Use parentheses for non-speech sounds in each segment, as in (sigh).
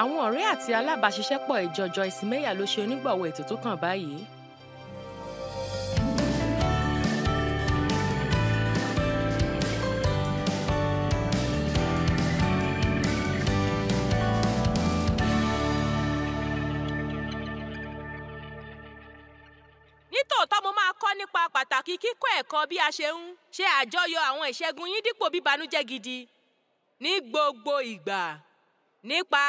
àwọn ọ̀rẹ́ àti alábàáṣiṣẹ́pọ̀ ìjọ Joyce Meyer ló ṣe onígbọ̀wọ́ ètò tó kàn báyìí. nítòótọ́ mo máa kọ́ nípa pàtàkì kíkọ́ ẹ̀kọ́ bí a ṣe ń ṣe àjọyọ̀ àwọn ìṣẹ́gun yín dípò bíbanújẹ́ gidi ní gbogbo ìgbà nípa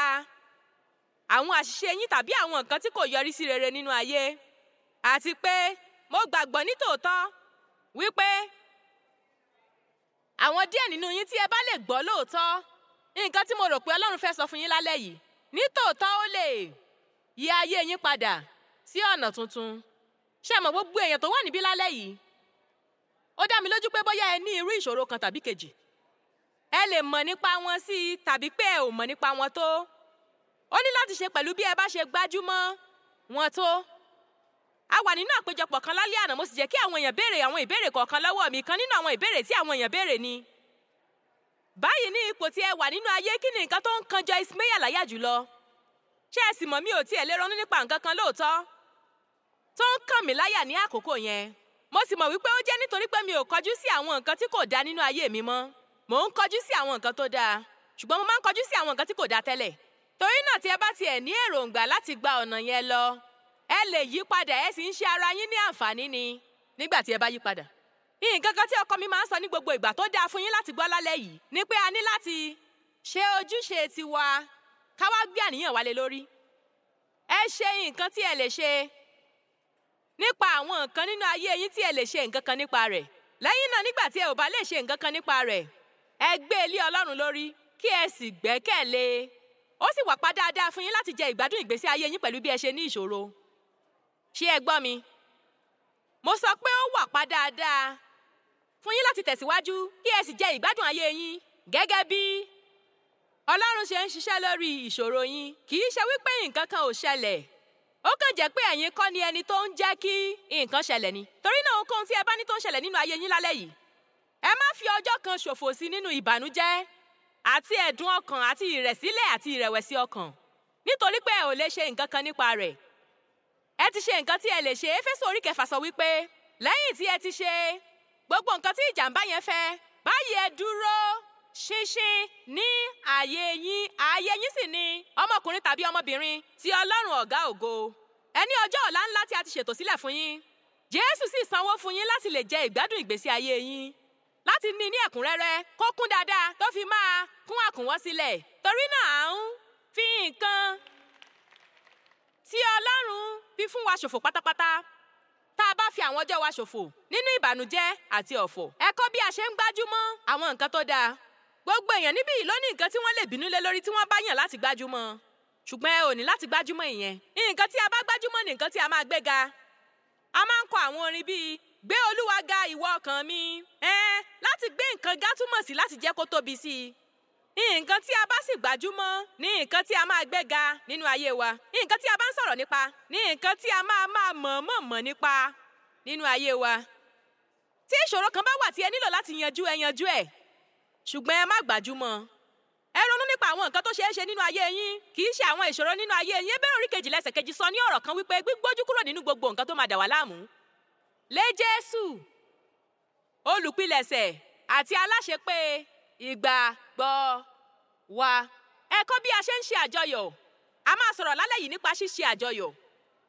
àwọn àṣìṣe yín tàbí àwọn nǹkan tí kò yọrí sí rere nínú ayé àti pé mo gbàgbọ́ nítòótọ́ wípé àwọn díẹ̀ nínú yín tí ẹ bá lè gbọ́ lóòótọ́ nǹkan tí mo rò pé Ọlọ́run fẹ́ sọ fún yín lálẹ́ yìí nítòótọ́ ó lè yí ayé yín padà sí ọ̀nà tuntun ṣé ẹ mọ̀ gbogbo èèyàn tó wà níbí lálẹ́ yìí ó dá mi lójú pé bóyá ẹ ní irú ìṣòro kan tàbí kejì ẹ lè mọ̀ nípa wọn sí i tàbí pé ẹ ò mọ̀ nípa wọn tó ó ní láti ṣe pẹ̀lú bí ẹ bá ṣe gbájúmọ́ wọn tó. a wà nínú àpéjọpọ̀ kan lálẹ́ àná mo sì jẹ́ kí àwọn èèyàn béèrè àwọn ìbéèrè kọ̀ọ̀kan lọ́wọ́ mi kan nínú àwọn ìbéèrè tí àwọn èèyàn béèrè ni. báyìí ní ipò tí ẹ wà nínú ayé kí ni nǹkan tó ń kan Joyce Meyer láyà jùlọ. ṣé ẹ sì mọ̀ mi ò tiẹ̀ lè ronú nípa nǹkan kan lóòótọ́ tó ń kàn mí láyà ní àkókò yẹn mo sì mọ̀ wípé ó jẹ́ nítorí pé mi ò kọjú sí àwọn nǹkan tí kò dáa nínú ayé mi mọ́ mò ń kọjú sí àwọn nǹkan tó dáa ṣùgbọ́n mo máa ń kọjú sí àwọn nǹkan tí kò dáa tẹ́lẹ̀ torí náà tí ẹ bá tiẹ̀ ní èròǹgbà láti gba ọ̀nà yẹn lọ ẹ lè yí padà ẹ sì ń ṣe ara yín ní àǹfààní ni nígbà tí ẹ bá yí padà. nǹkan kan tí ọkọ mi máa ń sọ ní gbogbo ìgbà tó dáa fún yín láti gbọ́ lálẹ́ yìí ni pé a ní láti ṣe ojúṣe tiwa ká wá gbé àníyàn wálé lórí. ẹ ṣe nǹkan tí ẹ lè ṣe nípa àwọn nǹkan nínú ayé yín tí ẹ lè ṣe nǹkan kan nípa rẹ̀ lẹ́yìn náà nígbà tí ẹ ò bá lè ṣe nǹkan kan nípa rẹ̀ ẹ gbé ilé Ọlọ́run lórí kí ẹ sì gbẹ́kẹ̀lé ó sì wà pa dáadáa fún yín láti jẹ ìgbádùn ìgbésí ayé yín pẹ̀lú bí ẹ ṣe ní ìṣòro ṣé ẹ gbọ́ mi mo sọ pé ó wà pa dáadáa fún yín láti tẹ̀síwájú kí ẹ sì jẹ ìgbádùn ayé yín gẹ́gẹ́ bí ọlọ́run ṣe ń ṣiṣẹ́ lórí ìṣòro yín kì í ṣe wípé nǹkan kan ò ṣẹlẹ̀ ó kàn jẹ́ pé ẹ̀yin kọ́ ni ẹni tó ń jẹ́ kí nǹkan ṣẹlẹ̀ ni torí náà ohunkóhun tí ẹ bá ní tó ń ṣẹlẹ̀ nínú ayé yín lálẹ́ yìí ẹ má fi ọjọ́ kan ṣòfò sí nínú ìbànújẹ́ àti ẹ̀dùn ọkàn àti ìrẹ̀sílẹ̀ àti ìrẹ̀wẹ̀sì ọkàn nítorí pé ẹ ò lè ṣe nǹkan kan nípa rẹ̀ ẹ ti ṣe nǹkan tí ẹ lè ṣe éfésù orí kẹfà sọ wípé lẹ́yìn tí ẹ ti ṣe gbogbo nǹkan tí ìjàmbá yẹn fẹ́ báyìí ẹ dúró ṣinṣin ní ààyè yín ààyè yín sì ni ọmọkùnrin tàbí ọmọbìnrin ti ọlọ́run ọ̀gá ògo ẹ ní ọjọ́ ọ̀la ńlá tí a ti ṣètò sílẹ̀ fún yín jésù sì sanwó fún yín láti lè jẹ ìgbádùn ìgbésí ayé yín láti ní ní ẹ̀kúnrẹ́rẹ́ kó kún dáadáa tó fi máa kún àkùnwọ́n sílẹ̀ torí náà à ń fi nǹkan tí Ọlọ́run fi fún wa ṣòfò pátápátá tá a bá fi àwọn ọjọ́ wa ṣòfò nínú ìbànújẹ́ àti ọ̀fọ̀ ẹ kọ́ bí a ṣe ń gbájúmọ́ àwọn nǹkan tó dáa gbogbo èèyàn níbí yìí ló ní nǹkan tí wọ́n lè bínú lé lórí tí wọ́n bá yàn láti gbájúmọ́ ṣùgbọ́n ẹ ò ní láti gbájúmọ́ ìyẹn nǹkan tí a bá gbájúmọ́ ni nǹkan tí a máa gbéga a máa ń kọ àwọn orin bíi gbé olúwa ga ìwọ ọkàn mi eh, láti gbé nǹkan ga túmọ̀ sí láti jẹ́ kó tóbi sí i nǹkan tí a bá sì gbájúmọ́ ní nǹkan tí a máa gbéga nínú ayé wa nǹkan tí a bá ń sọ̀rọ̀ nípa ní nǹkan tí a máa máa mọ̀ọ́mọ̀ mọ̀ nípa nínú ayé wa. tí ìṣòro kan bá wà tí ẹ nílò láti yanjú ẹ yanjú ẹ ṣùgbọ́n ẹ má gbájúmọ́ nípa àwọn nǹkan tó ṣeé ṣe nínú ayé yín kì í ṣe àwọn ìṣòro nínú ayé yín Hébérù orí kejì sọ ní ọ̀rọ̀ kan wípé gbígbójú kúrò nínú gbogbo nǹkan tó máa dà wá láàmú lé Jésù olùpilẹ̀ṣẹ̀ àti aláṣepé ìgbàgbọ́ wa ẹ kọ́ bí a ṣe ń ṣe àjọyọ̀ a máa sọ̀rọ̀ lálẹ́ yìí nípa ṣíṣe àjọyọ̀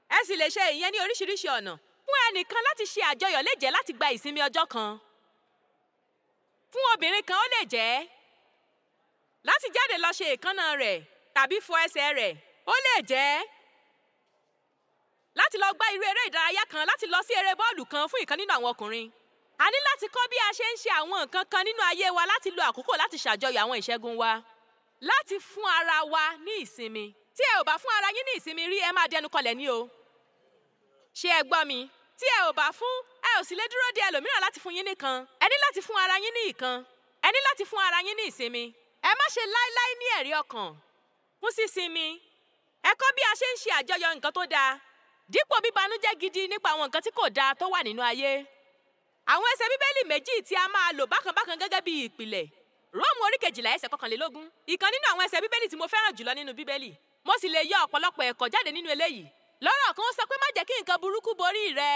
ẹ sì lè ṣe ìyẹn ní oríṣiríṣi ọ̀nà fún ẹnìkan láti ṣe àjọyọ̀ lè jẹ́ láti gba ìsinmi ọjọ́ kan fún obìnrin kan ó lè jẹ́ láti jáde lọ ṣe èékánná rẹ̀ tàbí fọ ẹsẹ̀ rẹ̀ ó lè jẹ́ láti lọ gbá irú eré ìdárayá kan láti lọ sí eré bọ́ọ̀lù kan fún ìkan nínú àwọn ọkùnrin a ní láti kọ́ bí a ṣe ń ṣe àwọn nǹkan kan nínú ayé wa láti lo àkókò láti ṣàjọyọ̀ àwọn ìṣẹ́gun wa láti fún ara wa ní ìsinmi tí ẹ ò bá fún ara yín ní ìsinmi rí ẹ máa dẹnu kọlẹ̀ ní o ṣé ẹ gbọ́ mi tí ẹ ò bá fún ẹ ò sì lè dúró de ẹlòmíràn láti fún yín nìkan ẹ ní láti fún ara yín ní ìkan ẹ ní láti fún ara yín ní ìsinmi ẹ má ṣe láéláé ní ẹ̀rí ọkàn fún sísinmi ẹ kọ́ bí a ṣe ń ṣe àjọyọ̀ nǹkan tó dáa dípò bíbanújẹ́ gidi nípa àwọn nǹkan tí kò dáa tó wà nínú ayé àwọn ẹsẹ̀ bíbélì méjì tí a máa lò bákanbákan gẹ́gẹ́ bí ìpìlẹ̀ róòmù orí kejìlá ẹsẹ̀ kọkànlélógún ìkan nínú àwọn ẹsẹ̀ bíbélì tí mo fẹ́ràn jùlọ nínú bíbélì mo sì lè yọ ọ̀pọ̀lọpọ̀ ẹ̀kọ́ jáde nínú eléyìí lọ́rọ̀ kan sọ pé má jẹ́ kí nǹkan burúkú borí rẹ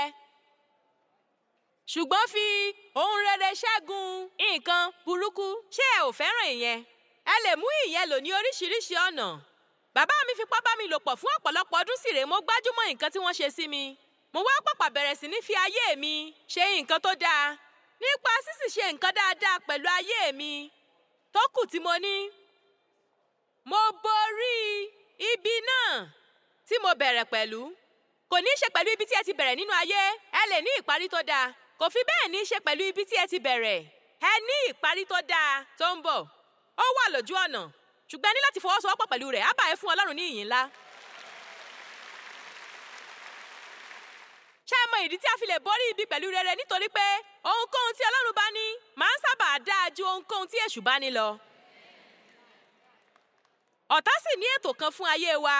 ṣùgbọ́n fi ohun rere ṣẹ́gun nǹkan burúkú ṣé ẹ ò fẹ́ràn ìyẹn ẹ lè mú ìyẹn lò ní oríṣiríṣi ọ̀nà. bàbá mi fipá bá mi lò pọ̀ fún ọ̀pọ̀lọpọ̀ ọdún sì rèé mo gbájúmọ́ nǹkan tí wọ́n ṣe sí mi. mo wá pàpà bẹ̀rẹ̀ sí ní fi ayé mi ṣe nǹkan tó dáa nípa sísì ṣe nǹkan dáadáa pẹ̀lú ayé mi tó kù tí mo ní. mo borí ibi náà tí mo bẹ̀rẹ̀ pẹ̀lú kò ní í ṣe pẹ̀lú ibi tí ẹ ti bẹ̀rẹ̀ nínú ayé ẹ lè ní ìparí tó dáa kò fi bẹ́ẹ̀ ní í ṣe pẹ̀lú ibi tí ẹ ti bẹ̀rẹ̀ ẹ ní ìparí tó dáa tó ń bọ̀ ó wà lójú ọ̀nà ṣùgbọ́n ẹ ní láti fọwọ́sowọ́pọ̀ pẹ̀lú rẹ̀ á bá ẹ fún ọlọ́run ní ìyìn ńlá. ṣé ẹ mọ ìdí tí a fi lè borí ibi pẹ̀lú rere nítorí pé ohunkóhun tí ọlọ́run bá ní máa ń sábà dáa ju ohunkóhun tí èṣù bá ní lọ. ọ̀tá sì ní ètò kan fún ayé wa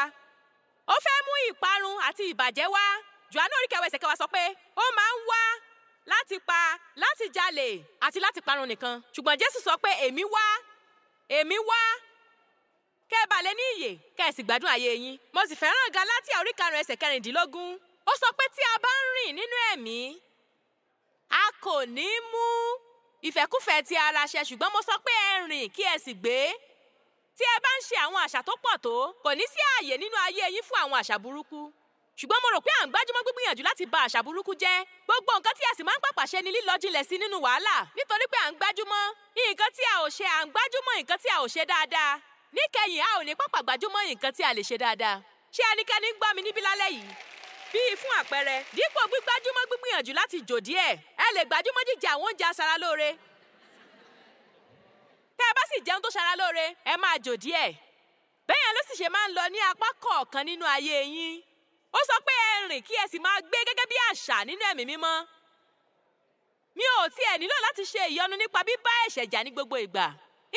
ó fẹ́ mú ìparun àti ìbàjẹ́ wá Jòhánù orí kẹwàá ẹsẹ̀ kẹwàá sọ pé ó máa ń wá láti pa láti jalè àti láti parun nìkan ṣùgbọ́n Jésù sọ pé èmi wá èmi wá kẹ́ ẹ bà lè ní ìyè kẹ́ ẹ sì gbádùn ayé yín mo sì fẹ́ràn Gálátíà orí karùn-ún ẹsẹ̀ kẹrìndínlógún ó sọ pé tí a bá ń rìn nínú ẹ̀mí a kò ní mú ìfẹ́kúfẹ̀ẹ́ ti ara ṣẹ ṣùgbọ́n mo sọ pé ẹ rìn kí ẹ sì gbé tí ẹ bá ń ṣe àwọn àṣà tó pọ̀ tó kò ní sí ààyè nínú ayé yín fún àwọn àṣà burúkú ṣùgbọ́n mo rò pé à ń gbájúmọ́ gbígbìyànjú láti ba àṣà burúkú jẹ́ gbogbo nǹkan tí a sì máa ń pàpà ṣe ni lílọ jinlẹ̀ sí nínú wàhálà nítorí pé à ń gbájúmọ́ nǹkan tí a ò ṣe à ń gbájúmọ́ nǹkan tí a ò ṣe dáadáa níkẹyìn a ò ní pàpà gbájúmọ́ nǹkan tí a lè ṣe dáadáa ṣé ẹnikẹ́ni ń gbọ́ mi níbí lálẹ́ yìí bíi fún àpẹẹrẹ dípò gbígbájúmọ́ gbígbìyànjú láti jò díẹ̀ ẹ lè gbájúmọ́ ó sọ pé ẹ rìn kí ẹ sì máa gbé gẹ́gẹ́ bí àṣà nínú ẹ̀mí mímọ́ mi ò tiẹ̀ nílò láti ṣe ìyọnu nípa bíbá ẹ̀ṣẹ̀ jà ní gbogbo ìgbà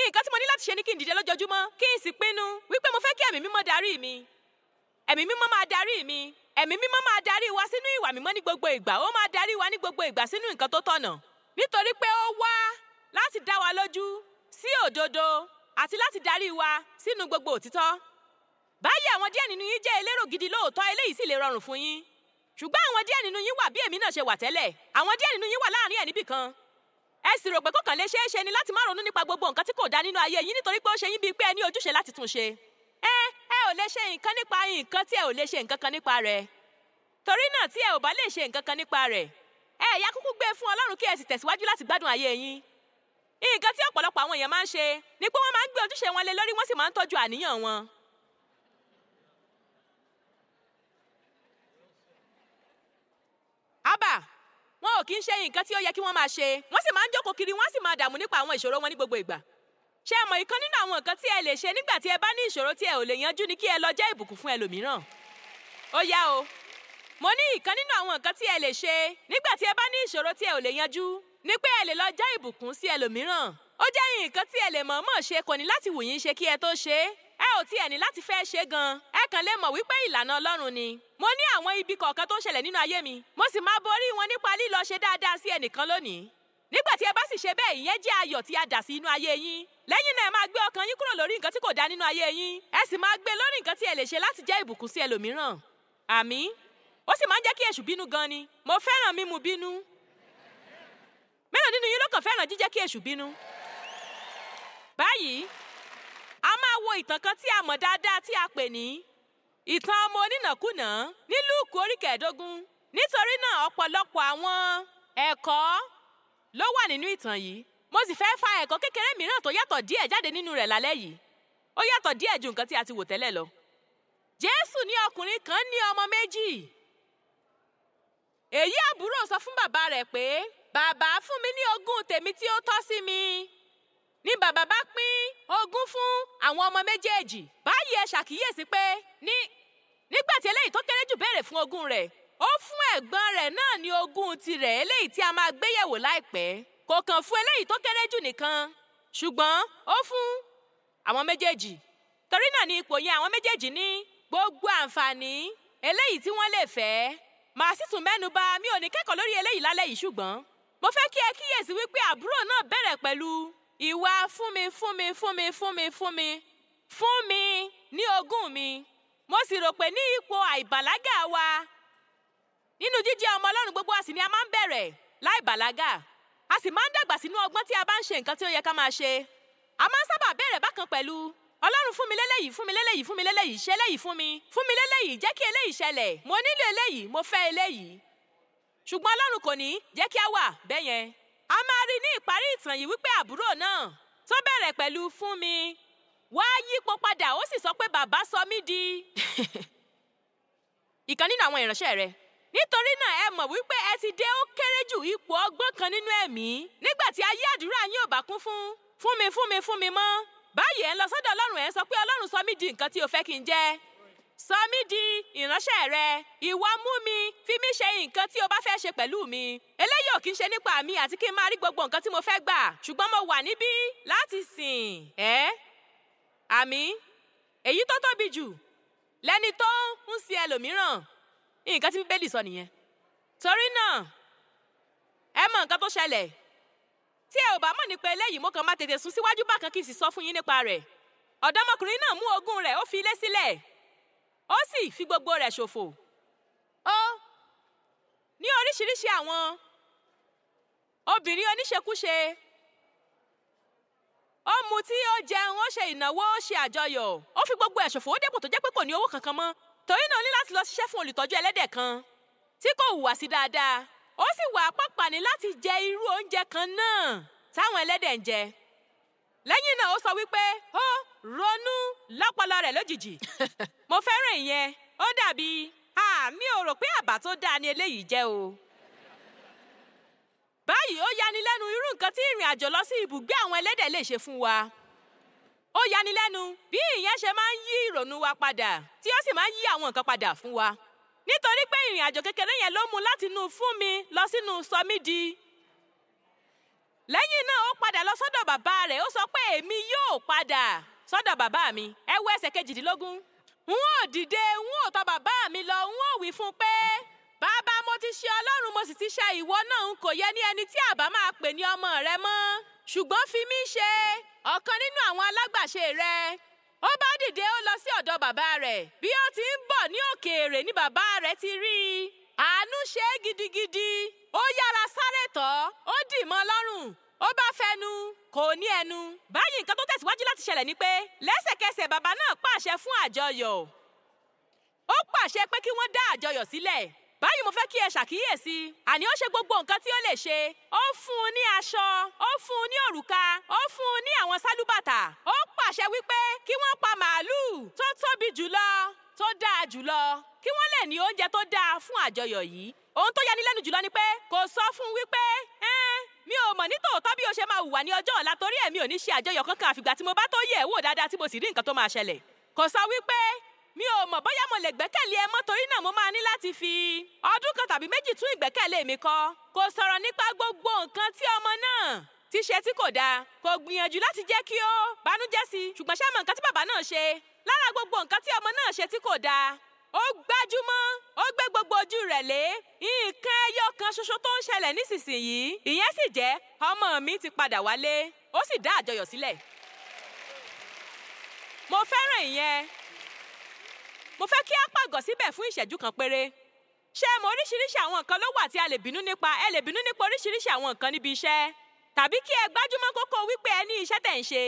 nǹkan tí mo ní láti ṣe ni kí n dìde lójoojúmọ́ kí n sì pinnu wípé mo fẹ́ kí ẹ̀mí mímọ́ darí mi ẹ̀mí mímọ́ máa darí mi ẹ̀mí mímọ́ máa darí wa sínú ìwà mímọ́ ní gbogbo ìgbà ó máa darí wa ní gbogbo ìgbà sínú nǹkan tó tọ̀nà nítorí pé ó wá láti dá wa lójú sí òdodo àti láti darí wa sínú gbogbo òtítọ́ báyìí àwọn díẹ̀ nínú yín jẹ́ elérò gidi lóòótọ́ eléyìí sì lè rọrùn fún yín ṣùgbọ́n àwọn díẹ̀ nínú yín wà bí èmi náà ṣe wà tẹ́lẹ̀ àwọn díẹ̀ nínú yín wà láàrin ẹ̀ níbì kan ẹ sì rò pé kọ̀ọ̀kan lè ṣeé ṣe ni láti má ronú nípa gbogbo nǹkan tí kò dá nínú ayé yín nítorí pé ó ṣe yín bíi pé ẹ ní ojúṣe láti tún ṣe ẹ ẹ ò lè ṣe nǹkan nípa nǹkan tí ẹ ò lè ṣe nǹkan kan nípa rẹ̀ torí náà tí ẹ ò bá lè ṣe nǹkan kan nípa rẹ̀ ẹ ẹ̀yà kúkú gbé e fún Ọlọ́run kí ẹ sì tẹ̀síwájú láti gbádùn ayé yín nǹkan tí ọ̀pọ̀lọpọ̀ àwọn èèyàn máa ń ṣe ni pé wọ́n máa ń gbé ojúṣe wọn lé lórí wọ́n sì máa ń tọ́jú àníyàn wọn Abba, wọn ò kí ń ṣe nǹkan tí ó yẹ kí wọ́n máa ṣe wọ́n sì máa ń jókòó kiri wọ́n sì máa dààmú nípa àwọn ìṣòro wọn ní gbogbo ìgbà ṣé ẹ mọ̀ ìkan nínú àwọn nǹkan tí ẹ lè ṣe nígbà tí ẹ bá ní ìṣòro tí ẹ ò lè yanjú ni kí ẹ lọ jẹ́ ìbùkún fún ẹlòmíràn ó yá o mo ní ìkan nínú àwọn nǹkan tí ẹ lè ṣe nígbà tí ẹ bá ní ìṣòro tí ẹ ò lè yanjú ni pé ẹ lè lọ jẹ́ ìbùkún sí ẹlòmíràn ó jẹ́ nǹkan tí ẹ lè mọ̀ọ́mọ̀ ṣe kò ní láti wù yín ṣe kí ẹ tó ṣe é ẹ ò tiẹ̀ ní láti fẹ́ ṣe gan-an ẹ kàn lè mọ̀ wípé ìlànà ọlọ́run ni. mo ní àwọn ibi kọ̀ọ̀kan tó ń ṣẹlẹ̀ nínú ayé mi mo sì máa borí wọn nípa lílọ ṣe dáadáa sí ẹnìkan lónìí. nígbà tí ẹ bá sì ṣe bẹ́ẹ̀ ìyẹn jẹ́ ayọ̀ tí a dà sí inú ayé yín. lẹ́yìn náà ẹ máa gbé ọkàn yín kúrò lórí nǹkan tí kò dá nínú ayé yín ẹ sì máa gbé e lórí nǹkan tí ẹ lè ṣe láti jẹ́ ìbùkún sí ẹlòmíràn. àmín ó sì máa ń jẹ́ kí èṣù bínú gan ni mo fẹ́ràn mímu bínú. mélòó nínú yín ló kàn fẹ́ràn jíjẹ́ kí èṣù bínú. báyìí a máa wo ìtàn kan tí a mọ̀ dáadáa tí a pè ní ìtàn ọmọ onínàkúnà ní lúùkù orí kẹẹ̀ẹ́dógún nítorí náà ọ̀pọ̀lọpọ̀ àwọn ẹ̀kọ́ ló wà nínú ìtàn yìí mo sì fẹ́ fa ẹ̀kọ́ kékeré mìíràn tó yàtọ̀ díẹ̀ jáde nínú rẹ̀ lálẹ́ yìí ó yàtọ̀ díẹ̀ ju nǹkan tí a ti wò tẹ́lẹ̀ lọ. jésù ní ọkùnrin kan ní ọmọ méjì èyí àbúrò sọ fún bàbá rẹ̀ pé bàbá fún mi ní ogún tèmi tí ó tọ́ sí mi ni bàbá bá pín ogún fún àwọn ọmọ méjèèjì báyìí ẹ ṣàkíyèsí pé ní nígbà tí eléyìí tó kéré jù béèrè fún ogún rẹ̀ ó fún ẹ̀gbọ́n rẹ̀ náà ní ogún tirẹ̀ eléyìí tí a máa gbéyẹ̀wò láìpẹ́ kò kàn fún eléyìí tó kéré jù nìkan ṣùgbọ́n ó fún àwọn méjèèjì torí náà ni ipò yẹn àwọn méjèèjì ní gbogbo àǹfààní eléyìí tí wọ́n lè fẹ́ màá sì tún mẹ́nu bà mi ò ní kẹ́kọ̀ọ́ lórí eléyìí lálẹ́ yìí ṣùgbọ́n mo fẹ́ kí ẹ kíyèsí wípé àbúrò náà bẹ̀rẹ̀ pẹ̀lú ìwà fún mi fún mi fún mi fún mi fún mi fún mi ní ogún mi mo sì rò pé ní ipò àìbàlágà wa nínú jíjẹ́ ọmọ ọlọ́run gbogbo àsì ni a máa ń bẹ̀rẹ̀ láìbàlágà a sì máa ń dàgbà sínú ọgbọ́n tí a bá ń ṣe nǹkan tí ó yẹ ká máa ṣe a máa ń sábà bẹ̀rẹ̀ bákan pẹ̀lú ọlọ́run fún mi lélẹ́yìí fún mi lélẹ́yìí fún mi lélẹ́yìí ṣe eléyìí fún mi fún mi lélẹ́yìí jẹ́ kí eléyìí ṣẹlẹ̀ mo nílò eléyìí mo fẹ́ eléyìí ṣùgbọ́n ọlọ́run kò ní jẹ́ kí a wà bẹ́yẹn a máa rí ní ìparí ìtàn yìí wípé àbúrò náà tó bẹ̀rẹ̀ pẹ̀lú fún mi wá yípo padà ó sì sọ pé bàbá sọ mí di (laughs) ìkan nínú àwọn ìránṣẹ́ rẹ̀ nítorí náà ẹ mọ̀ wípé ẹ ti dé ó kéré jù ipò ọgbọ́n kan nínú ẹ̀mí nígbà tí ayé àdúrà yín ò bá kún fún fún mi fún mi fún mi mọ́ báyìí ẹ ń lọ sọ́dọ̀ ọlọ́run ẹ ń sọ pé ọlọ́run sọ mí di nǹkan tí o fẹ́ kí n jẹ́ sọ mí di ìránṣẹ́ rẹ ìwọ mú mi fi mí ṣe nǹkan tí o bá fẹ́ ṣe pẹ̀lú mi eléyìí ò kí ń ṣe nípa mi àti kí n máa rí gbogbo nǹkan tí mo fẹ́ gbà ṣùgbọ́n mo wà níbí láti sìn ẹ́ àmì èyí tó tóbi jù lẹ́ni tó ń sin ẹlòmíràn nǹkan tí bíbélì sọ nìyẹn torí náà ẹ mọ nǹkan tó ṣẹlẹ̀ tí ẹ ò bá mọ̀ nípa eléyìí mo kàn máa tètè sún síwájú bákan kí n sì sọ fún yín nípa rẹ̀ ọ̀dọ́mọkùnrin náà mú ogun rẹ̀ ó fi ilé sílẹ̀ ó sì fi gbogbo rẹ̀ ṣòfò ó ní oríṣiríṣi àwọn obìnrin oníṣekúṣe ó mutí ó jẹun ó ṣe ìnáwó ó ṣe àjọyọ̀ ó fi gbogbo ẹ̀ ṣòfò ó dépò tó jẹ́ pé kò ní owó kankan mọ́ torí náà ó ní láti lọ ṣiṣẹ́ fún olùtọ́jú ẹlẹ́dẹ̀ kan tí kò hùwà sí dáadáa ó sì wà pápá ní láti jẹ irú oúnjẹ kan náà táwọn ẹlẹ́dẹ̀ ń jẹ lẹ́yìn náà ó sọ wípé ó ronú lọ́pọlọ rẹ̀ lójijì (laughs) mo fẹ́ràn ìyẹn ó dàbí mi ò rò pé àbá tó dáa ni eléyìí jẹ́ o. báyìí ó yanilẹ́nu irú nǹkan tí ìrìn àjò lọ sí ibùgbé àwọn ẹlẹ́dẹ̀ lè ṣe fún wa. ó yanilẹ́nu bí ìyẹn ṣe máa ń yí ìrònú wa padà tí ó sì máa ń yí àwọn nǹkan padà fún wa. nítorí pé ìrìn àjò kékeré yẹn ló mú látinú fún mi lọ sínú sọmí lẹ́yìn náà ó padà lọ sọ́dọ̀ bàbá rẹ̀ ó sọ pé èmi yóò padà sọ́dọ̀ bàbá mi ẹ wo ẹsẹ̀ kejìdínlógún n ó dìde n ó tọ̀ bàbá mi lọ n ó wí fún un pé bàbá mo ti ṣe ọlọ́run mo sì ti ṣe ìwọ náà n kò yẹ ní ẹni tí àbá máa pè ní ọmọ rẹ mọ́ ṣùgbọ́n fi mí ṣe ọ̀kan nínú àwọn alágbàṣe rẹ ó bá dìde ó lọ sí ọ̀dọ̀ bàbá rẹ̀ bí ó ti ń bọ̀ ní òkèèrè ni bàbá rẹ̀ ti rí i àánú ṣe é gidigidi ó yára sáré tọ́ ó dì mọ́ lọ́rùn ó bá fẹnu kò ní ẹnu. báyìí nǹkan tó tẹ̀síwájú láti ṣẹlẹ̀ ni pé lẹ́sẹ̀kẹsẹ̀ bàbá náà pàṣẹ fún àjọyọ̀ ó pàṣẹ pé kí wọ́n dá àjọyọ̀ sílẹ̀ báyìí mo fẹ́ kí ẹ ṣàkíyèsí àní ó ṣe gbogbo nǹkan tí ó lè ṣe ó fún un ní aṣọ ó fún un ní òrùka ó fún un ní àwọn sálúbàtà ó pàṣẹ wípé kí wọ́n pa màálù tó tóbi jùlọ tó dáa jùlọ kí wọ́n lè ní oúnjẹ tó dáa fún àjọyọ̀ yìí ohun tó yanilẹ́nu jùlọ ni pé kò sọ fún wípé mi ò mọ̀ ní tòótọ́ bí o ṣe máa hùwà ní ọjọ́ ọ̀la torí èmi ò ní ṣe àjọyọ̀ kankan àfìgbà tí mo bá tó yẹ̀ wò dáadáa tí mo sì rí nǹkan tó máa ṣẹlẹ̀ kò sọ wípé mi ò mọ̀ bóyá mo lè gbẹ́kẹ̀lé ẹ mọ́ torí náà mo máa ní láti fi ọdún kan tàbí méjì tún ìgbẹ́kẹ̀lé mi kọ́ kò sọ̀rọ̀ nípa gbogbo nǹkan tí ọmọ náà tíṣe tí kò dáa kò gbìyànjú láti jẹ́ kí ó banújẹ́ sí i ṣùgbọ́n ṣá mọ nǹkan tí bàbá náà ṣe lára gbogbo nǹkan tí ọmọ náà ṣe tí kò dáa ó gbájúmọ́ ó gbé gbogbo ojú rẹ̀ lé nǹkan ẹyọ kan ṣoṣo tó ń ṣẹlẹ̀ nísinsìnyí ìyẹn sì jẹ́ ọmọ mi ti padà wálé ó sì dá àjọyọ̀ sílẹ̀ mo fẹ́ràn ìyẹn mo fẹ́ kí á pàgọ́ síbẹ̀ fún ìṣẹ́jú kan péré ṣé mo oríṣiríṣi àwọn nǹkan ló wà tí a lè bínú nípa ẹ lè bínú nípa oríṣiríṣi àwọn nǹkan níbi iṣẹ́ tàbí kí ẹ gbájúmọ́ kókó wípé ẹ ní iṣẹ́ tẹ̀ ń ṣe.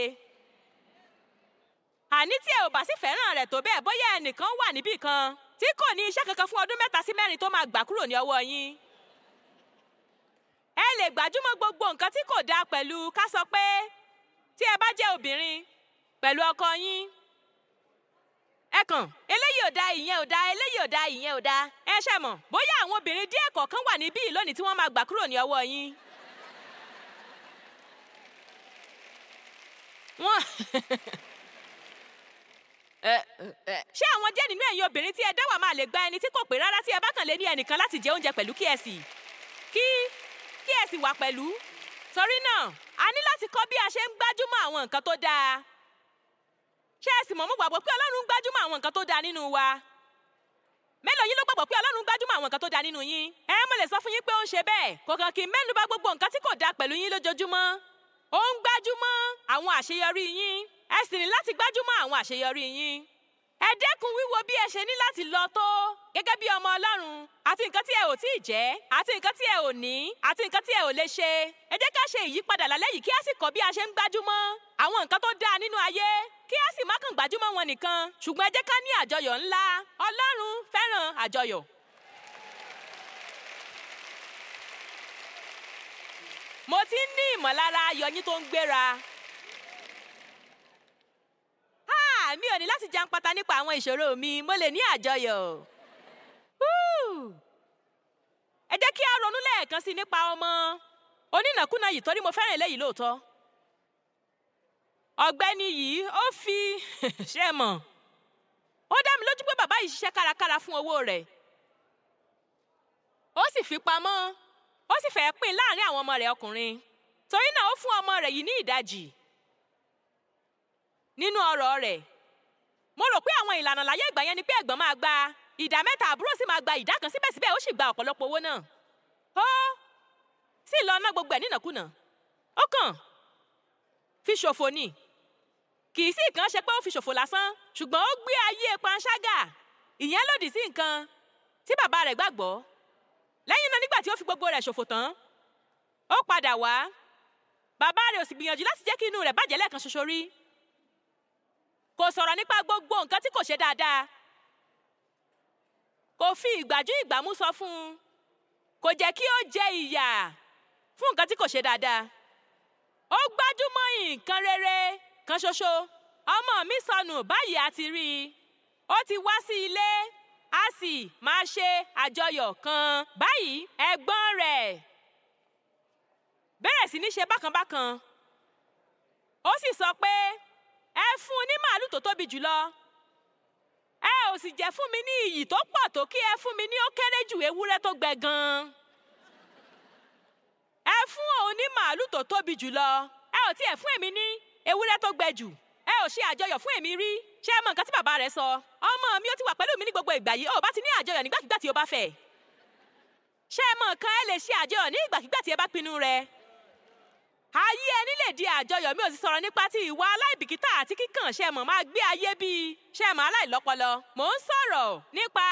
àní tí ẹ ò bá sì fẹ́ràn rẹ̀ tó bẹ́ẹ̀ bóyá ẹnìkan wà níbì kan tí kò ní iṣẹ́ kankan fún ọdún mẹ́ta sí mẹ́rin tó máa gbà kúrò ní ọwọ́ yín. ẹ lè gbájúmọ́ gbogbo nǹkan tí kò dáa pẹ̀lú ká sọ pé tí ẹ bá jẹ́ obìnrin pẹ̀lú ọkọ yín ẹ kàn eléyìí ò da ìyẹn ò da eléyìí ò da ìyẹn ò da ẹ ṣe mọ̀ bóyá àwọn obìnrin díẹ̀ kọ̀ọ̀kan wà níbí lónìí tí wọ́n máa gbà kúrò ní ọwọ́ yín. wọ́n (laughs) eh, eh, eh. ṣé àwọn díẹ̀ nínú ẹ̀yin obìnrin tí ẹ dáwà máa lè gba ẹni tí kò pé rárá tí ẹ bá kàn lé ní ẹnìkan láti jẹ oúnjẹ pẹ̀lú kí ẹ sì kí kí ẹ sì wà pẹ̀lú torí náà a ní láti kọ́ bí a ṣe ń gbájúmọ́ àwọn nǹkan tó dáa ṣé ẹ sì mọ̀ mú gbàgbọ́ pé Ọlọ́run ń gbájúmọ́ àwọn nǹkan tó dáa nínú wa mélòó yín ló gbàgbọ́ pé Ọlọ́run ń gbájúmọ́ àwọn nǹkan tó dáa nínú yín ẹ mo lè sọ fún yín pé ó ń ṣe bẹ́ẹ̀ kò kàn kí mẹ́nu bà gbogbo nǹkan tí kò dáa pẹ̀lú yín lójoojúmọ́ ó ń gbájúmọ́ àwọn àṣeyọrí yín ẹ sì ní láti gbájúmọ́ àwọn àṣeyọrí yín. ẹ dẹ́kun wíwo bí ẹ ṣe ní láti lọ tó gẹ́gẹ́ bí ọmọ Ọlọ́run àti nǹkan tí ẹ ò tíì jẹ́ àti nǹkan tí ẹ ò ní àti nǹkan tí ẹ ò lè ṣe. ẹ jẹ́ ká ṣe ìyípadà lálẹ́ yìí kí a sì kọ́ bí a ṣe ń gbájúmọ́ àwọn nǹkan tó dáa nínú ayé kí a sì má kàn gbájúmọ́ wọn nìkan ṣùgbọ́n ẹ jẹ́ ká ní àjọyọ̀ ńlá mo ti ń ní ìmọ̀lára ayọ̀ yín tó ń gbéra. ha ah, mi ò ní láti jàǹpata nípa àwọn ìṣòro mi mo lè ní àjọyọ̀. ẹ jẹ́ kí a ronú lẹ́ẹ̀kan sí nípa ọmọ onínàkúnà yìí torí mo fẹ́ràn eléyìí lóòótọ́. ọ̀gbẹ́ni yìí ó fi (laughs) ṣe mọ̀ ó dá mi lójú pé bàbá yìí ṣiṣẹ́ kárakára fún owó rẹ̀ ó sì fi pamọ́ ó sì fẹ́ pín láàrin àwọn ọmọ rẹ̀ ọkùnrin torí náà ó fún ọmọ rẹ̀ yìí ní ìdajì nínú ọrọ̀ rẹ̀ mo rò pé àwọn ìlànà láyé ìgbà yẹn ni pé ẹ̀gbọ́n máa gba ìdá mẹ́ta àbúrò sì máa gba ìdá kan síbẹ̀síbẹ̀ ó sì gba ọ̀pọ̀lọpọ̀ owó náà ó sì lọ ná gbogbo ẹ̀ nínàkúnà ó kàn fi ṣòfò ni kì í sì kàn ṣe pé ó fi ṣòfò lásán ṣùgbọ́n ó gbé ayé panṣágà ìyẹn lòdì sí nǹkan tí bàbá rẹ̀ gbàgbọ́ lẹ́yìn náà nígbà tí ó fi gbogbo rẹ̀ ṣòfò tán ó padà wá bàbá rẹ̀ ò sì gbìyànjú láti jẹ́ kí inú rẹ̀ bàjẹ́ lẹ́ẹ̀kan ṣoṣo rí kò sọ̀rọ̀ nípa gbogbo nǹkan tí kò ṣe dáadáa kò fi ìgbájú ìgbámú sọ fún un kò jẹ́ kí ó jẹ ìyà fún nǹkan tí kò ṣe dáadáa ó gbájúmọ́ nǹkan rere kan ṣoṣo ọmọ mi sọnù báyìí a rí i ó ti wá sí ilé a sì máa ṣe àjọyọ̀ kan báyìí ẹ̀gbọ́n rẹ̀ bẹ̀rẹ̀ sí ní ṣe bákanbákan ó sì sọ pé ẹ fún un ní màálù tó tóbi jùlọ ẹ ò sì jẹ́ fún mi ní iyì tó pọ̀ tó kí ẹ fún mi ní ó kéré jù ewúrẹ́ tó gbẹ gan ẹ fún òun ní màálù tó tóbi jùlọ ẹ ò tiẹ̀ fún èmi ní ewúrẹ́ tó gbẹ jù ẹ ò ṣe àjọyọ̀ fún èmi rí ṣé ẹ mọ nǹkan tí bàbá rẹ sọ ọmọ mi ó ti wà pẹ̀lú mi ní gbogbo ìgbà yìí ó bá ti ní àjọyọ̀ nígbàkigbà tí ó bá fẹ́ ṣé ẹ mọ nǹkan ẹ lè ṣe àjọyọ̀ ní ìgbàkigbà tí ẹ bá pinnu rẹ ayé ẹni lè di àjọyọ̀ mi ò sì sọ̀rọ̀ nípa ti ìwà aláìbìkítà àti kíkàn ṣe mọ̀ máa gbé ayé bíi ṣe mọ̀ aláìlọ́pọlọ mò ń sọ̀rọ̀ nípa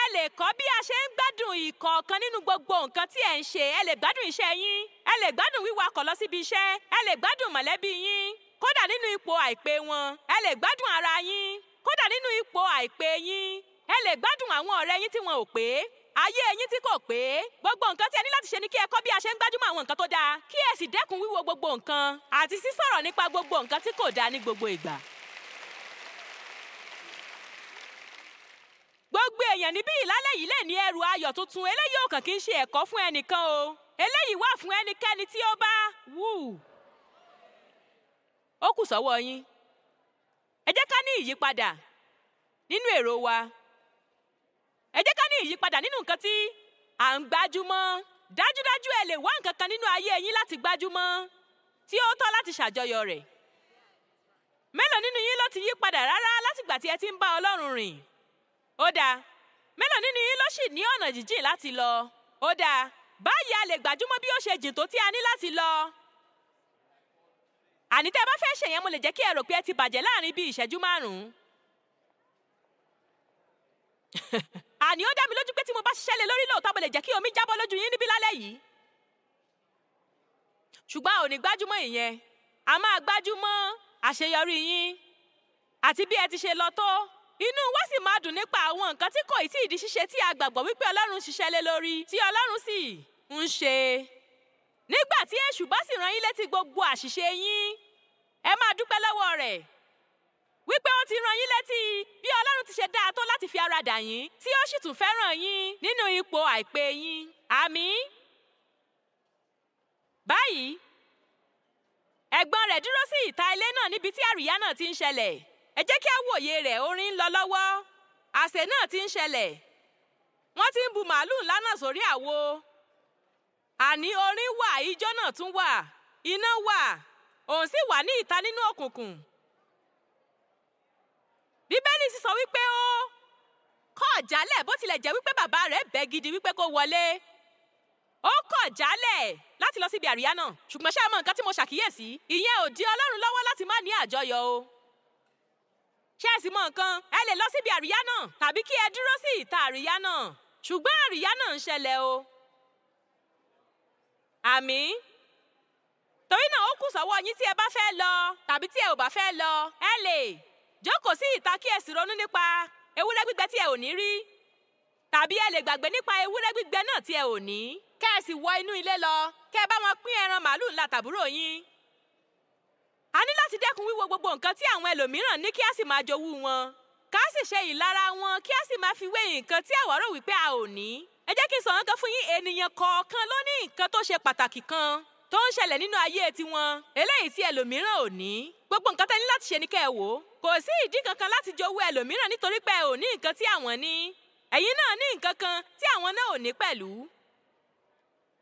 ẹ lè kọ́ bí a ṣe ń gbádùn ìkọ̀ọ̀kan nínú gbogbo nǹkan tí ẹ ń ṣe ẹ lè gbádùn iṣẹ́ yín ẹ lè gbádùn wíwakọ̀ lọ síbi iṣẹ́ ẹ lè gbádùn mọ̀lẹ́bí yín kódà nínú ipò àìpé wọn ẹ lè gbádùn ara yín kódà nínú ipò àìpé yín ẹ lè gbádùn àwọn ọ̀rẹ́ yín tí wọn ò pé ayé yín tí kò pé gbogbo nǹkan tí ẹ ní láti ṣe ni kí ẹ kọ́ bí a ṣe ń gbájúmọ́ àwọn nǹkan tó dáa kí ẹ sì dẹ́kun wíwo gbogbo nǹkan àti sísọ̀rọ̀ nípa gbogbo nǹkan tí kò dáa ní gbogbo ìgbà. gbogbo èèyàn níbí ìlálẹ́ yìí lè ní ẹrù ayọ̀ tuntun eléyìí ò kàn kí ṣe ẹ̀kọ́ fún ẹnìkan o eléyìí wà fún ẹnikẹ́ni tí ó bá wù ó kù sọ́wọ́ yín ẹ jẹ́ ká ní ìyípadà nínú èrò wa ẹ jẹ́ ká ní ìyípadà nínú nǹkan tí à ń gbájúmọ́ dájúdájú ẹ lè wá nǹkan kan nínú ayé yín láti gbájúmọ́ tí ó tọ́ láti ṣàjọyọ̀ rẹ̀ mélòó nínú yín ló ti yí padà rárá látìgbà tí ẹ ti ń bá Ọlọ́run rìn ó dáa mélòó nínú yín ló sì ní ọ̀nà jíjìn láti lọ ó dáa báyìí a lè gbájúmọ́ bí ó ṣe jìn tó tí a ní láti lọ àní tẹ́ ẹ bá fẹ́ ṣèyẹn mo lè jẹ́ kí ẹ rò pé ẹ ti bàjẹ́ láàrin bíi ìṣẹ́jú márùn-ún. (laughs) àní ó dá mi lójú pé tí mo bá ṣiṣẹ́ lé lórí lóòótọ́ mo lè jẹ́ kí omi jábọ́ lójú yín níbí lálẹ́ yìí. ṣùgbọ́n ò ní gbájúmọ́ ìyẹn a máa gbájúmọ́ àṣeyọrí yín àti bí ẹ ti ṣe lọ tó inú wa sì máa dùn nípa àwọn nǹkan tí kò ì tí ì di ṣíṣe tí a gbàgbọ́ wípé Ọlọ́run ṣiṣẹ́ lé lórí tí Ọlọ́run sì ń ṣe nígbà tí èṣù bá sì rán yín létí gbogbo àṣìṣe yín ẹ máa dúpẹ́ lọ́wọ́ rẹ̀ wípé ó ti rán yín létí bí ọlọ́run ti ṣe dáa tó láti fi ara dà yín tí ó sì tún fẹ́ràn yín nínú ipò àìpé yín àmín. báyìí ẹ̀gbọ́n rẹ̀ dúró sí ìta ilé náà níbi tí àríyá náà ti ń ṣẹlẹ̀ ẹ jẹ́ kí a wòye rẹ̀ orin ń lọ lọ́wọ́ àsè náà ti ń ṣẹlẹ̀ wọ́n ti ń bu màálù ńlá náà sórí àwo àní orin wà ijó náà tún wà iná wà òun sì wà ní ìta nínú òkùnkùn. bíbélì sì sọ wípé ó kọ̀ jálẹ̀ bó tilẹ̀ jẹ́ wípé bàbá rẹ̀ bẹ́ gidi wípé kó wọlé ó kọ̀ jálẹ̀ láti lọ síbi àríyá náà ṣùgbọ́n ṣé mọ nǹkan tí mo ṣàkíyèsí ìyẹn ò di ọlọ́run lọ́wọ́ láti má ní àjọyọ̀ o ṣé ẹ sì mọ nǹkan ẹ lè lọ síbi àríyá náà tàbí kí ẹ dúró sí ìta àríyá náà ṣùgbọ́n àríyá náà ń ṣẹlẹ̀ o àmín torí náà ó kù sọ́wọ́ yín tí ẹ bá fẹ́ lọ tàbí tí ẹ ò bá fẹ́ lọ ẹ lè jókòó sí ìta kí ẹ sì ronú nípa ewúrẹ́ gbígbẹ tí ẹ ò ní rí tàbí ẹ lè gbàgbé nípa ewúrẹ́ gbígbẹ náà tí ẹ ò ní kẹ́ ẹ sì wọ inú ilé lọ kẹ́ ẹ bá wọn pín ẹran màálù ńlá tàbúrò yín a ní láti dẹ́kun wíwo gbogbo nǹkan tí àwọn ẹlòmíràn ní kí a sì máa jowú wọn ká sì ṣe ìlara wọn kí a sì máa fi wé nǹkan tí àwa rò wípé a ò ní. ẹ jẹ́ kí n sọ̀rọ̀ kan fún yín ènìyàn kọ̀ọ̀kan ló ní nǹkan tó ṣe pàtàkì kan tó ń ṣẹlẹ̀ nínú ayé tiwọn eléyìí tí ẹlòmíràn ò ní. gbogbo nǹkan tẹ́ ní láti ṣe ni kẹ́ ẹ wò ó. kò sí ìdí kankan láti jowú ẹlòmíràn nítorí pé ẹ ò ní nǹkan tí àwọn ní. ẹ̀yin náà ní nǹkan kan tí àwọn náà ò ní pẹ̀lú.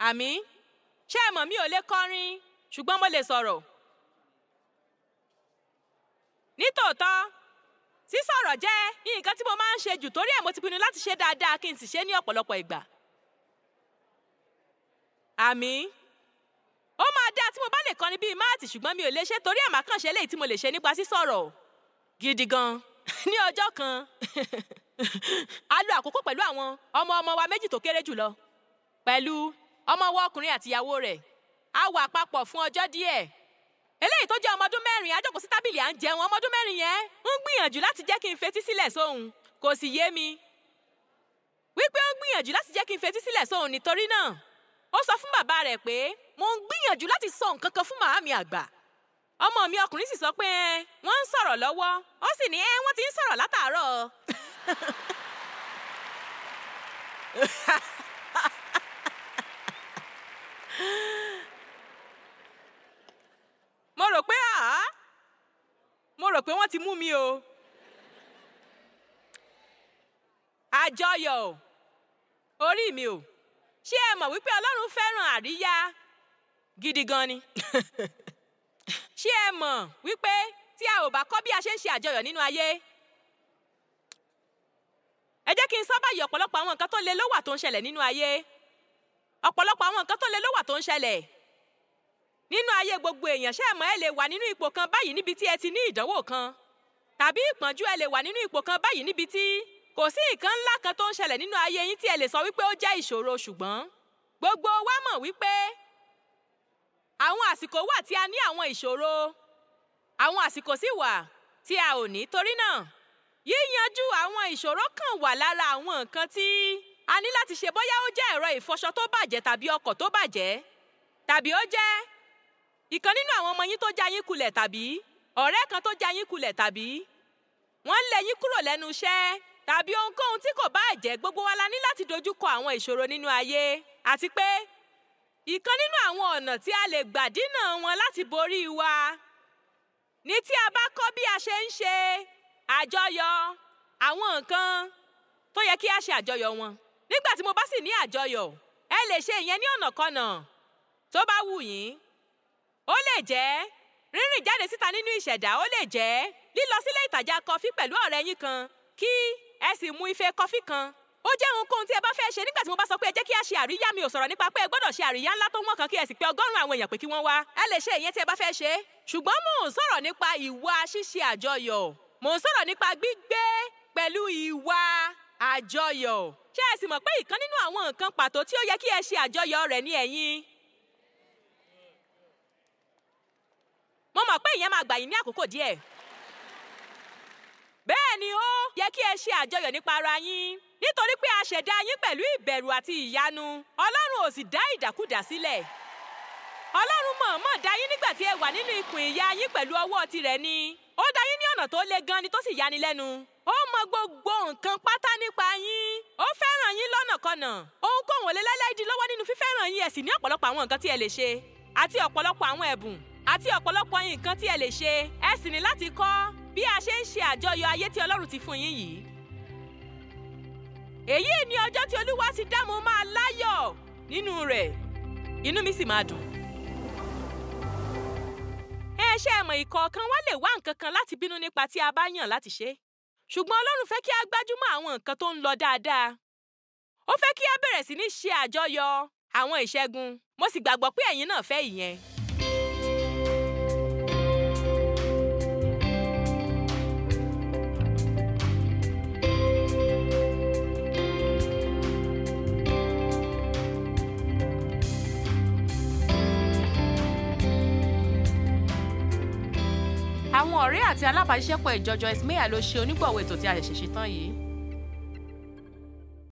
àmì ṣé ẹ mi ò lè kọrin ṣùgbọ́n mo lè sọ̀rọ̀. nítòótọ́ sísọ̀rọ̀ jẹ́ nǹkan tí mo máa ń ṣe jù torí ẹ̀ mo ti pinnu láti ṣe dáadáa kí n sì ṣe ní ọ̀pọ̀lọpọ̀ ìgbà. àmín ó máa dáa tí mo bá lè kọrin bíi máàtì ṣùgbọ́n mi ò lè ṣe torí ẹ̀ kàn ṣe eléyìí tí mo lè ṣe nípa sísọ̀rọ̀ gidi gan (laughs) ní ọjọ́ kan (laughs) a lo àkókò pẹ̀lú àwọn ọmọ ọmọ wa méjì tó kéré jùlọ pẹ̀lú ọmọ wa ọkùnrin àtìyàwó rẹ̀ a wà papọ̀ fún ọjọ́ díẹ̀ eléyìí tó jẹ́ ọmọdún mẹ́rin ajókòó sí tábìlì à ń jẹun ọmọdún mẹ́rin yẹn ń gbìyànjú láti jẹ́ kí n fetí sílẹ̀ sóhun kò sì yé mi wípé ó ń gbìyànjú láti jẹ́ kí n fetí sílẹ̀ sóhun nítorí náà ó sọ fún bàbá rẹ̀ pé mo ń gbìyànjú láti sọ nǹkan kan fún màámi àgbà ọmọ mi ọkùnrin sì sọ pé ẹ ń sọ̀rọ̀ lọ́wọ́ ó sì ní ẹ ti ń sọ̀rọ̀ látàárọ̀ Ha ha ha! mo rò pé àá mo rò pé wọ́n ti mú mi o àjọyọ̀ o orí mi o ṣé ẹ mọ̀ wípé Ọlọ́run fẹ́ràn àríyá gidi gan ni (laughs) ṣé ẹ mọ̀ wípé tí a ò bá kọ́ bí a ṣe ń ṣe àjọyọ̀ nínú ayé ẹ jẹ́ kí n sábà yí ọ̀pọ̀lọpọ̀ àwọn nǹkan tó le ló tó ń ṣẹlẹ̀ nínú ayé ọ̀pọ̀lọpọ̀ àwọn nǹkan tó le ló tó ń ṣẹlẹ̀ nínú ayé gbogbo èèyàn ṣé ẹ mọ̀ ẹ lè wà nínú ipò kan báyìí níbi tí ẹ ti ní ìdánwò kan tàbí ìpọ́njú ẹ lè wà nínú ipò kan báyìí níbi tí kò sí nǹkan ńlá kan tó ń ṣẹlẹ̀ nínú ayé yín tí ẹ lè sọ wípé ó jẹ́ ìṣòro ṣùgbọ́n gbogbo wa mọ̀ wípé àwọn àsìkò wà tí a ní àwọn ìṣòro àwọn àsìkò sì wà tí a ò ní torí náà yíyanjú àwọn ìṣòro kan wà lára àwọn nǹkan tí a ní láti ṣe bóyá ó jẹ́ ẹ̀rọ ìfọṣọ tó bàjẹ́ tàbí ọkọ̀ tó bàjẹ́ tàbí ó jẹ́ ìkan nínú àwọn ọmọ yín tó já yín kulẹ̀ tàbí ọ̀rẹ́ kan tó já yín kulẹ̀ tàbí wọ́n lé yín kúrò lẹ́nu iṣẹ́ tàbí ohunkóhun tí kò bá jẹ́ gbogbo wa la ní láti dojú kọ àwọn ìṣòro nínú ayé àti pé ìkan nínú àwọn ọ̀nà tí a lè gbà dínà wọn láti borí wa ní tí a bá kọ́ bí a ṣe ń ṣe àjọyọ̀ àwọn nǹkan tó yẹ kí a ṣe àjọyọ̀ wọn nígbà tí mo bá sì ní àjọyọ̀ ẹ lè ṣe ìyẹn ní ọ̀nàkọnà tó bá wù yín ó lè jẹ́ rírìn jáde síta nínú ìṣẹ̀dá ó lè jẹ́ lílọ sílé ìtajà kọfí pẹ̀lú ọ̀rẹ́ yín kan kí ẹ sì mu ife kọfí kan ó jẹ́ ohunkóhun tí ẹ bá fẹ́ ṣe nígbà tí mo bá sọ pé ẹ jẹ́ kí a ṣe àríyá mi ò sọ̀rọ̀ nípa pé ẹ gbọ́dọ̀ ṣe àríyá ńlá tó wọ́n kan kí ẹ sì pe ọgọ́rùn-ún àwọn èèyàn pé kí wọ́n wá ẹ lè ṣe ìyẹn tí ẹ bá fẹ́ ṣe ṣùgbọ́n mò ń sọ̀rọ̀ nípa ìwà ṣíṣe àjọyọ̀ mò ń sọ̀rọ̀ nípa gbígbé pẹ̀lú ìwà àjọyọ̀ ṣé ẹ sì mọ̀ pé ìkan nínú àwọn nǹkan pàtó tí ó yẹ kí ẹ ṣe àjọyọ̀ rẹ̀ ni ẹ̀yin mo mọ̀ pé ìyẹn máa gbà yín ní àkókò díẹ̀. bẹ́ẹ̀ ni ó yẹ kí ẹ ṣe àjọyọ̀ nípa ara yín nítorí pé a ṣẹ̀dá yín pẹ̀lú ìbẹ̀rù àti ìyanu ọlọ́run ò sì dá ìdàkúdà sílẹ̀ ọlọ́run mọ̀ọ́mọ̀ dá yín nígbà tí ẹ wà nínú ikùn ìyá yín pẹ̀lú ọwọ́ tirẹ̀ ni ó dá yín ní ọ̀nà tó le gan ni tó sì yani lẹ́nu ó mọ gbogbo nǹkan pátá nípa yín ó fẹ́ràn yín lọ́nàkọnà ohunkóhun ò lè láíláí di nínú fífẹ́ràn yín ẹ sì ní ọ̀pọ̀lọpọ̀ àwọn nǹkan tí ẹ lè ṣe àti ọ̀pọ̀lọpọ̀ àwọn ẹ̀bùn àti ọ̀pọ̀lọpọ̀ nǹkan tí ẹ lè ṣe ẹ sì ní láti kọ́ bí a ṣe ń ṣe àjọyọ̀ ayé tí Ọlọ́run ti fún yín yìí. èyí ni ọjọ́ tí Olúwa ti dá mo máa láyọ̀ nínú rẹ̀ inú mi sì máa dùn. ẹ ṣe mọ̀ ìkọ̀ọ̀kan wa lè wá nǹkan kan láti bínú nípa tí a bá yàn láti ṣe ṣùgbọ́n Ọlọ́run fẹ́ kí a gbájúmọ́ àwọn nǹkan tó ń lọ dáadáa ó fẹ́ kí a bẹ̀rẹ̀ sí ní ṣe àjọyọ̀ àwọn ìṣẹ́gun mo sì gbàgbọ́ pé ẹ̀yin náà fẹ́ ìyẹn. ọ̀rẹ́ àti alábàáṣiṣẹ́pọ̀ ìjọjọ ismail ló ṣe onígbọ̀wọ́ ètò tí a ṣẹ̀ṣẹ̀ ṣe tán yìí